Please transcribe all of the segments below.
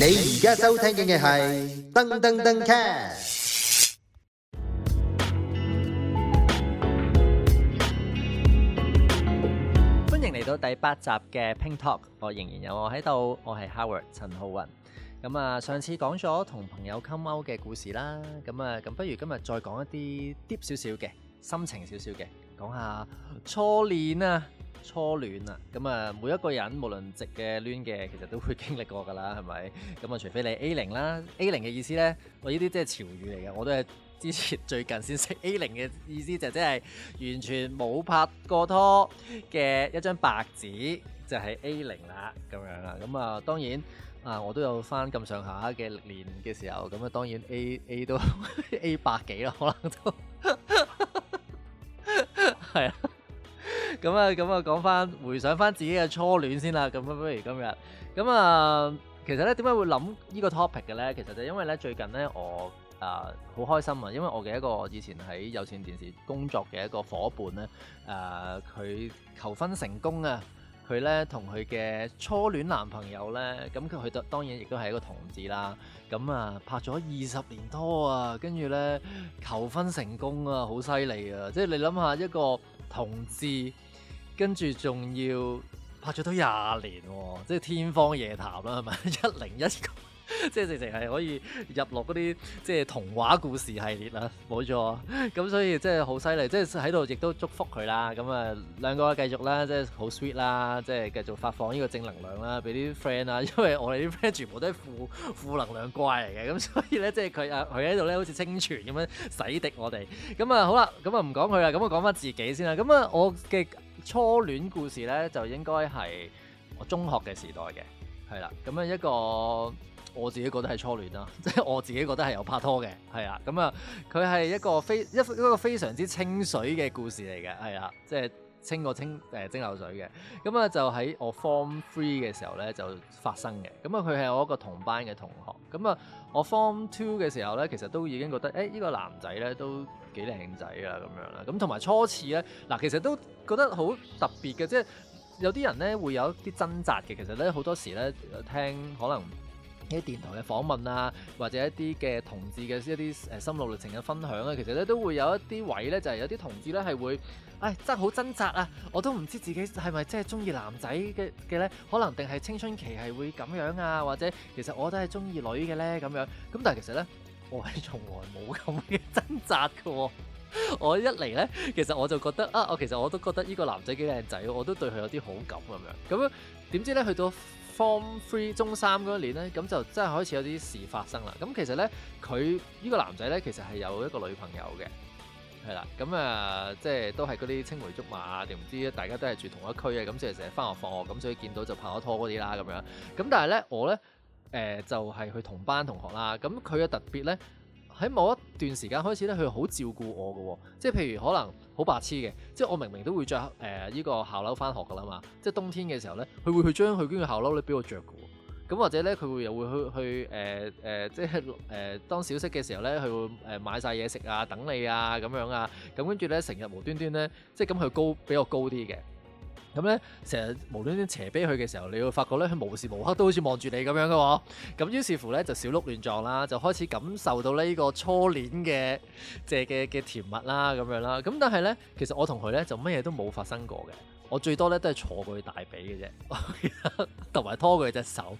你而家收聽嘅係噔噔噔 cast，歡迎嚟到第八集嘅 Ping Talk，我仍然有我喺度，我係 Howard 陳浩云。咁啊，上次講咗同朋友溝溝嘅故事啦，咁啊，咁不如今日再講一啲 deep 少少嘅，心情少少嘅，講下初戀啦。初戀啊，咁啊，每一個人無論直嘅攣嘅，其實都會經歷過噶啦，係咪？咁啊，除非你 A 零啦，A 零嘅意思咧，我呢啲即係潮語嚟嘅，我都係之前最近先識 A 零嘅意思，就即係完全冇拍過拖嘅一張白紙，就係 A 零啦，咁樣啦。咁啊，當然啊，我都有翻咁上下嘅年嘅時候，咁啊，當然 A A 都 A 百幾啦，可能都係啊。咁啊，咁啊、嗯，講翻回想翻自己嘅初戀先啦。咁不如今日，咁、嗯、啊、嗯，其實咧點解會諗呢個 topic 嘅咧？其實就因為咧最近咧我啊好、呃、開心啊，因為我嘅一個以前喺有線電視工作嘅一個伙伴咧，誒、呃、佢求婚成功啊！佢咧同佢嘅初戀男朋友咧，咁佢佢當然亦都係一個同志啦。咁、嗯、啊拍咗二十年拖啊，跟住咧求婚成功啊，好犀利啊！即係你諗下一個。同志，跟住仲要拍咗都廿年，即係天方夜譚啦，係咪一零一？即係直情係可以入落嗰啲即係童話故事系列啦，冇錯。咁所以即係好犀利，即係喺度亦都祝福佢啦。咁啊，兩個繼續啦，即係好 sweet 啦，即係繼續發放呢個正能量啦，俾啲 friend 啊，因為我哋啲 friend 全部都係負負能量怪嚟嘅，咁所以咧即係佢啊，佢喺度咧好似清泉咁樣洗滌我哋。咁啊好啦，咁啊唔講佢啦，咁啊講翻自己先啦。咁啊，我嘅初戀故事咧就應該係我中學嘅時代嘅，係啦，咁啊一個。我自己覺得係初戀啦，即 係我自己覺得係有拍拖嘅，係啊，咁啊，佢係一個非一一個非常之清水嘅故事嚟嘅，係啊，即係清過清誒蒸餾水嘅，咁啊就喺我 Form Three 嘅時候咧就發生嘅，咁啊佢係我一個同班嘅同學，咁啊我 Form Two 嘅時候咧其實都已經覺得誒呢個男仔咧都幾靚仔啊咁樣啦，咁同埋初次咧嗱其實都覺得好特別嘅，即係有啲人咧會有一啲掙扎嘅，其實咧好多時咧聽可能啲電台嘅訪問啊，或者一啲嘅同志嘅一啲誒心路歷程嘅分享咧，其實咧都會有一啲位咧，就係、是、有啲同志咧係會，唉、哎，真係好掙扎啊！我都唔知自己係咪真係中意男仔嘅嘅咧，可能定係青春期係會咁樣啊，或者其實我都係中意女嘅咧咁樣。咁但係其實咧，我係從來冇咁嘅掙扎嘅、哦。 我一嚟咧，其實我就覺得啊，我其實我都覺得呢個男仔幾靚仔，我都對佢有啲好感咁樣。咁點知咧去到，Form Three 中三嗰年咧，咁就真係開始有啲事發生啦。咁其實咧，佢呢、呢個男仔咧，其實係有一個女朋友嘅，係啦。咁啊、呃，即係都係嗰啲青梅竹馬定唔知大家都係住同一區嘅，咁所以成日翻學放學，咁所以見到就拍咗拖嗰啲啦，咁樣。咁但係咧，我咧誒、呃、就係、是、佢同班同學啦。咁佢嘅特別咧。喺某一段時間開始咧，佢好照顧我嘅、哦，即係譬如可能好白痴嘅，即係我明明都會着誒依個校褸翻學嘅啦嘛，即係冬天嘅時候咧，佢會去將佢嗰個校褸咧俾我著嘅，咁或者咧佢會又會去去誒誒、呃呃，即係誒、呃、當小息嘅時候咧，佢會誒買晒嘢食啊，等你啊咁樣啊，咁跟住咧成日無端端咧，即係咁佢高比較高啲嘅。咁咧，成日無端端斜飛去嘅時候，你會發覺咧，佢無時無刻都好似望住你咁樣嘅喎。咁於是乎咧，就小鹿亂撞啦，就開始感受到呢個初戀嘅嘅嘅甜蜜啦咁樣啦。咁但係咧，其實我同佢咧就乜嘢都冇發生過嘅。我最多咧都係坐過佢大髀嘅啫，同 埋拖過佢隻手。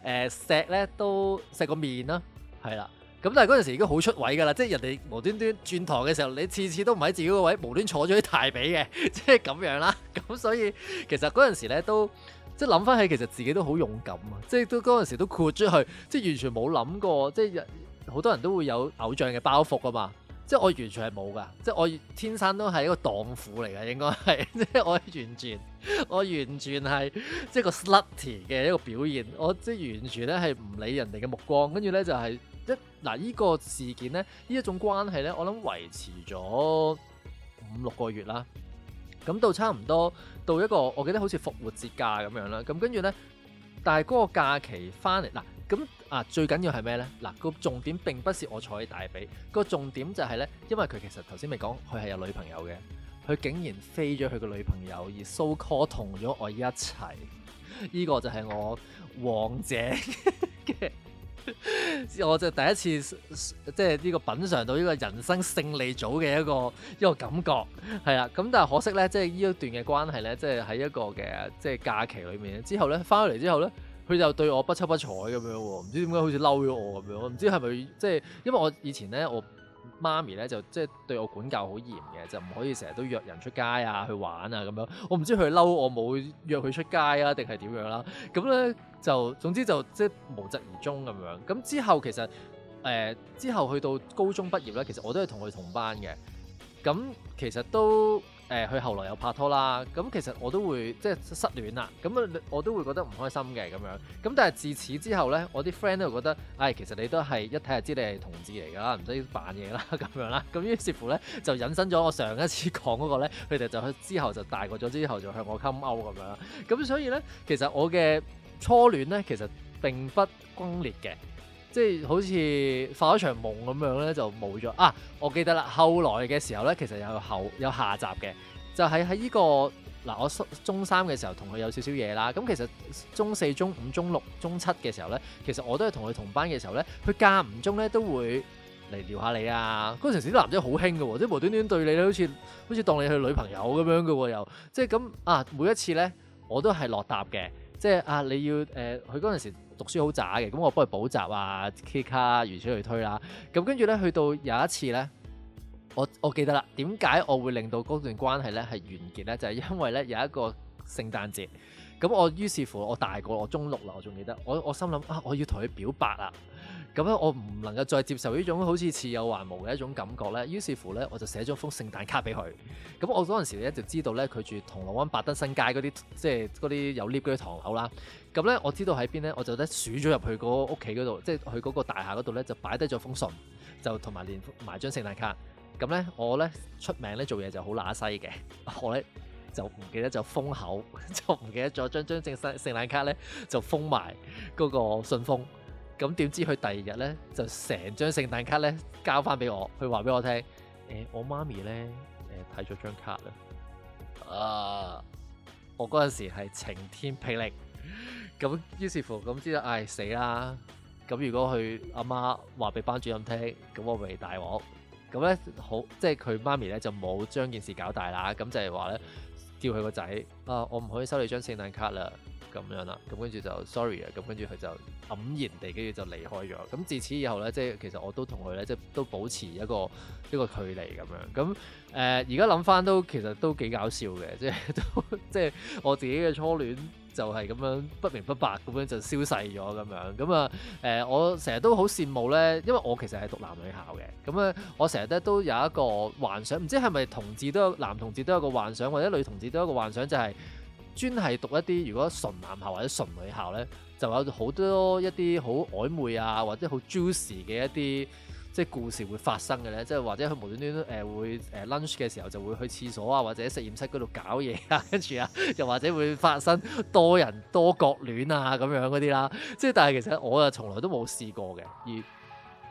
誒、呃，錫咧都錫個面啦，係啦。咁但係嗰陣時已經好出位㗎啦，即係人哋無端端轉堂嘅時候，你次次都唔喺自己個位無端坐咗啲大髀嘅，即係咁樣啦。咁所以其實嗰陣時咧都即係諗翻起，其實自己都好勇敢啊！即係都嗰陣時都豁出去，即係完全冇諗過，即係好多人都會有偶像嘅包袱啊嘛。即係我完全係冇㗎，即係我天生都係一個蕩婦嚟㗎，應該係即係我完全我完全係即係個 slutty 嘅一個表現。我即係完全咧係唔理人哋嘅目光，跟住咧就係。一嗱，呢個事件咧，呢一種關係咧，我諗維持咗五六個月啦。咁到差唔多到一個，我記得好似復活節假咁樣啦。咁跟住咧，但係嗰個假期翻嚟嗱，咁啊，啊最緊要係咩咧？嗱、啊，個重點並不是我坐喺大髀，個重點就係咧，因為佢其實頭先咪講，佢係有女朋友嘅，佢竟然飛咗佢個女朋友，而 so call 同咗我一齊。呢、這個就係我王者嘅。 我就係第一次即係呢個品嚐到呢個人生勝利組嘅一個一個感覺，係啦。咁但係可惜咧，即係呢一段嘅關係咧，即係喺一個嘅即係假期裏面。之後咧，翻咗嚟之後咧，佢就對我不瞅不睬咁樣，唔知點解好似嬲咗我咁樣。我唔知係咪即係因為我以前咧我。媽咪咧就即係對我管教好嚴嘅，就唔可以成日都約人出街啊、去玩啊咁樣。我唔知佢嬲我冇約佢出街啊，定係點樣啦、啊？咁咧就總之就即係無疾而終咁樣。咁之後其實誒、呃、之後去到高中畢業咧，其實我都係同佢同班嘅，咁其實都。誒，佢、呃、後來又拍拖啦，咁其實我都會即係失戀啦，咁啊我都會覺得唔開心嘅咁樣，咁但係自此之後咧，我啲 friend 都覺得，唉、哎，其實你都係一睇就知你係同志嚟㗎啦，唔使扮嘢啦咁樣啦，咁於是乎咧就引申咗我上一次講嗰個咧，佢哋就去之後就大個咗之後就向我 come out 咁樣，咁所以咧其實我嘅初戀咧其實並不轟烈嘅。即係好似發咗場夢咁樣咧，就冇咗啊！我記得啦，後來嘅時候咧，其實有後有下集嘅，就係喺呢個嗱、啊，我中三嘅時候同佢有少少嘢啦。咁其實中四、中五、中六、中七嘅時候咧，其實我都係同佢同班嘅時候咧，佢間唔中咧都會嚟撩下你啊。嗰、那、陣、個、時啲男仔好興嘅喎，啲無端端對你咧，好似好似當你係女朋友咁樣嘅喎，又即係咁啊！每一次咧，我都係落搭嘅，即係啊，你要誒，佢嗰陣讀書好渣嘅，咁我幫佢補習啊，K 卡如此類推啦。咁跟住咧，去到有一次咧，我我記得啦，點解我會令到嗰段關係咧係完結咧？就係、是、因為咧有一個聖誕節。咁我於是乎，我大個，我中六啦，我仲記得，我我心諗啊，我要同佢表白啦！咁樣我唔能夠再接受呢種好似似有還無嘅一種感覺咧。於是乎咧，我就寫咗封聖誕卡俾佢。咁我嗰陣時咧就知道咧，佢住銅鑼灣百德新街嗰啲，即係嗰啲有 lift 嗰啲唐樓啦。咁咧我知道喺邊咧，我就咧選咗入去嗰屋企嗰度，即係去嗰個大廈嗰度咧，就擺低咗封信，就同埋連埋張聖誕卡。咁咧我咧出名咧做嘢就好乸西嘅，我咧。就唔記得就封口，就唔記得咗張張正式聖誕卡咧就封埋嗰、那個信封。咁點知佢第二日咧就成張聖誕卡咧交翻俾我，佢話俾我聽：誒、欸，我媽咪咧誒睇咗張卡啦。啊！我嗰陣時係晴天霹靂，咁於是乎咁知道，唉、哎、死啦！咁如果佢阿媽話俾班主任聽，咁我咪大鑊。咁咧好，即係佢媽咪咧就冇將件事搞大啦。咁就係話咧。叫佢個仔啊，我唔可以收你張聖誕卡啦，咁樣啦，咁跟住就 sorry 啊，咁跟住佢就黯然地跟住就離開咗。咁自此以後咧，即係其實我都同佢咧，即係都保持一個一個距離咁樣。咁誒，而家諗返都其實都幾搞笑嘅，即係都即係我自己嘅初戀。就係咁樣不明不白咁樣就消逝咗咁樣，咁啊誒，我成日都好羨慕呢，因為我其實係讀男女校嘅，咁啊，我成日咧都有一個幻想，唔知係咪同志都有，男同志都有個幻想，或者女同志都有個幻想，就係專係讀一啲如果純男校或者純女校呢，就有好多一啲好曖昧啊，或者好 juicy 嘅一啲。即係故事會發生嘅咧，即係或者佢無端端誒、呃、會誒 lunch 嘅時候就會去廁所啊，或者實驗室嗰度搞嘢啊，跟住啊，又或者會發生多人多角戀啊咁樣嗰啲啦。即係但係其實我又從來都冇試過嘅。而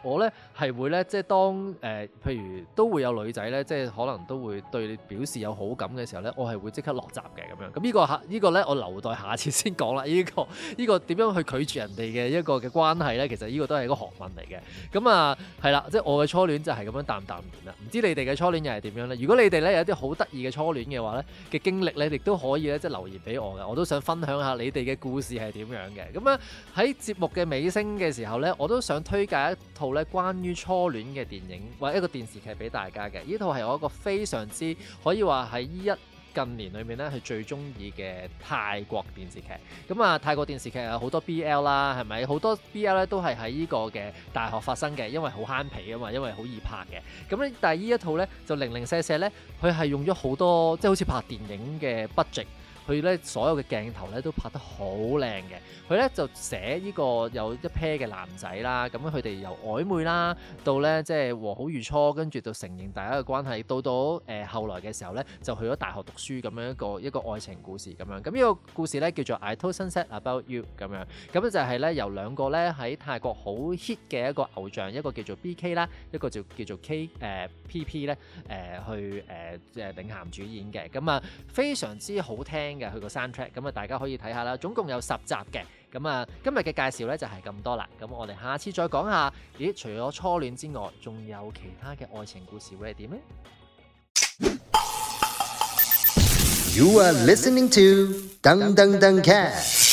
我咧係會咧，即係當誒、呃，譬如都會有女仔咧，即係可能都會對你表示有好感嘅時候咧，我係會即刻落閘嘅咁樣。咁、呢個呢個、呢個下，呢個咧我留待下次先講啦。呢、呢個呢、呢個點樣去拒絕人哋嘅一個嘅關係咧，其實呢個都係一個學問嚟嘅。咁啊，係、嗯、啦、嗯嗯，即係我嘅初戀就係咁樣淡淡然啦。唔知你哋嘅初戀又係點樣咧？如果你哋咧有一啲好得意嘅初戀嘅話咧嘅經歷，你亦都可以咧即係留言俾我嘅，我都想分享下你哋嘅故事係點樣嘅。咁啊，喺節目嘅尾聲嘅時候咧，我都想推介一套。咧關於初戀嘅電影或一個電視劇俾大家嘅，呢套係我一個非常之可以話喺依一近年裏面咧係最中意嘅泰國電視劇。咁啊，泰國電視劇有好多 BL 啦，係咪？好多 BL 咧都係喺呢個嘅大學發生嘅，因為好慳皮啊嘛，因為好易拍嘅。咁咧，但係呢一套咧就零零舍舍咧，佢係用咗好多即係好似拍電影嘅 budget。佢咧所有嘅鏡頭咧都拍得好靚嘅，佢咧就寫呢個有一 pair 嘅男仔啦，咁佢哋由曖昧啦，到咧即係和好如初，跟住到承認大家嘅關係，到到誒後來嘅時候咧就去咗大學讀書，咁樣一個一個愛情故事咁樣。咁呢個故事咧叫做 I Told Sunset About You 咁樣，咁咧就係咧由兩個咧喺泰國好 hit 嘅一個偶像，一個叫做 B K 啦，一個就叫做 K 誒、呃、P P 咧、呃、誒去誒即係領銜主演嘅。咁啊非常之好聽。嘅去過山 track，咁啊大家可以睇下啦，總共有十集嘅，咁啊今日嘅介紹呢就係咁多啦，咁我哋下次再講下，咦，除咗初戀之外，仲有其他嘅愛情故事會係點呢？You are listening to 噔噔噔卡。